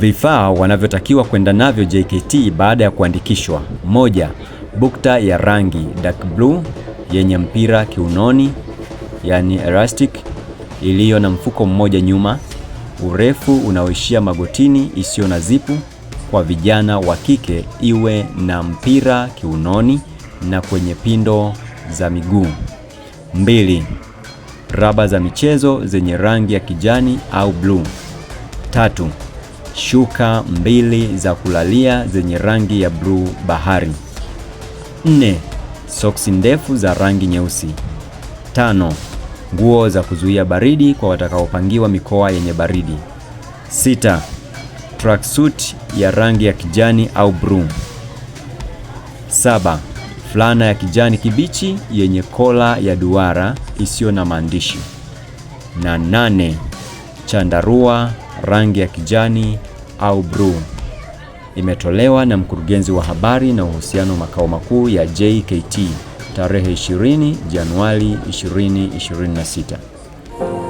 Vifaa wanavyotakiwa kwenda navyo JKT baada ya kuandikishwa: moja, bukta ya rangi dark blue yenye mpira kiunoni, yani elastic, iliyo na mfuko mmoja nyuma, urefu unaoishia magotini, isiyo na zipu kwa vijana wa kike, iwe na mpira kiunoni na kwenye pindo za miguu. Mbili, raba za michezo zenye rangi ya kijani au bluu. Tatu, shuka mbili za kulalia zenye rangi ya bluu bahari. 4. Soksi ndefu za rangi nyeusi. 5. Nguo za kuzuia baridi kwa watakaopangiwa mikoa yenye baridi. 6. Tracksuit ya rangi ya kijani au bluu. 7. Fulana ya kijani kibichi yenye kola ya duara isiyo na maandishi. Na nane, chandarua rangi ya kijani au bluu. Imetolewa na mkurugenzi wa habari na uhusiano makao makuu ya JKT tarehe 20 Januari 2026.